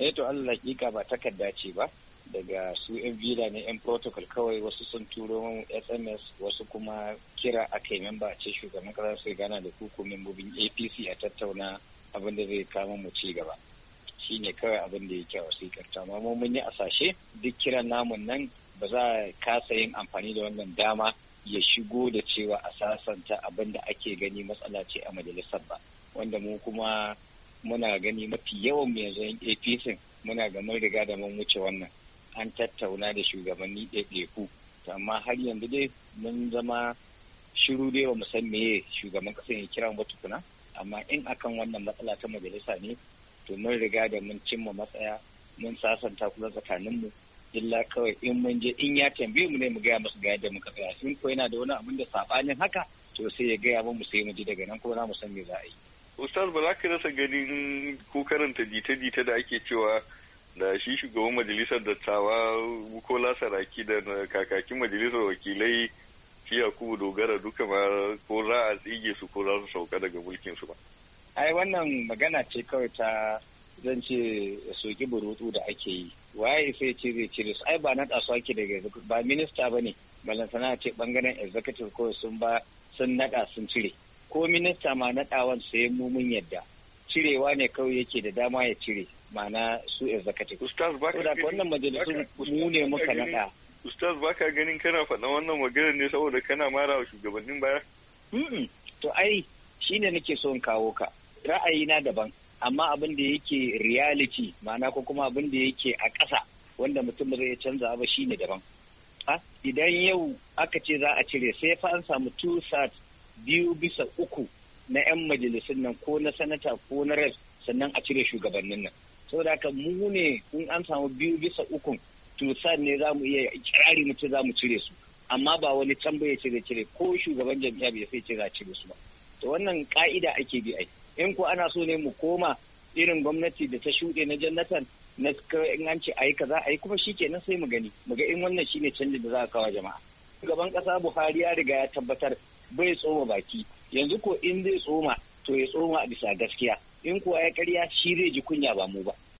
eh to allah hakika ba takarda ce ba daga su yan vila ne yan protocol kawai wasu sun turo sms wasu kuma kira a kai memba ce shugaban kasa su gana da kuku membobin apc a tattauna abin da zai kama mu ci gaba shi ne kawai abin da yake wasikar ta mu mun yi asashe duk kiran namun nan ba za a kasa yin amfani da wannan dama ya shigo da cewa a sasanta abin da ake gani matsala ce a majalisar ba wanda mu kuma muna gani mafi yawan yanzu yan apc muna ga mun riga da mun wuce wannan an tattauna da shugabanni ɗaiɗaiku amma har yanzu dai mun zama shiru dai wa mu san meye shugaban kasa ya kira ba tukuna amma in akan wannan matsala ta majalisa ne to mun riga da mun cimma matsaya mun sasanta kuma tsakaninmu illa kawai in mun je in ya tambaye mu ne mu gaya masa ga da muka tsaya in ko yana da wani abin da sabanin haka to sai ya gaya mu sai mu ji daga nan ko na mu san me za a yi ustaz ba za ka rasa ganin ko karanta jita-jita da ake cewa da shi shugaban majalisar dattawa bukola saraki da kakakin majalisar wakilai shi yakubu dogara duka ma ko za a tsige su ko za su sauka daga mulkin su ba ai wannan magana ce kawai ta zan ce soki burutu da ake yi waye sai ce zai cire su ai ba na su ake daga ba minista ba ne balantana ce bangaren executive ko sun ba sun naɗa sun cire ko minista ma naɗawan sai mu mun yadda cirewa ne kawai yake da dama ya cire mana su executive. Ustaz ba ka ganin wannan majalisun mu ne muka naɗa. Ustaz ba ka ganin kana faɗa wannan maganar ne saboda kana mara wa shugabannin baya? To ai shi ne nake son kawo ka. Ra'ayina daban amma abin da yake reality ma'ana ko kuma abin da yake a ƙasa wanda mutum zai canza ba shi ne daban. Idan yau aka ce za a cire sai fa an samu two Sats' biyu bisa uku na 'yan majalisun nan ko na sanata ko na res sannan a cire shugabannin nan saboda haka mu ne in an samu biyu bisa ukun tusa ne za mu iya kirari mu ce za mu cire su amma ba wani can cire cire ko shugaban jami'a bai sai ce za a cire su ba to wannan ka'ida ake bi ai in ko ana so ne mu koma irin gwamnati da ta shuɗe na jannatan na in an ce ayi kaza ayi kuma shi ke kenan sai mu gani mu ga in wannan shine canjin da za a kawo jama'a shugaban ƙasa Buhari ya riga ya tabbatar bai tsoma baki yanzu ko in zai tsoma to ya tsoma a bisa gaskiya in kuwa ya karya shi zai ji kunya ba mu ba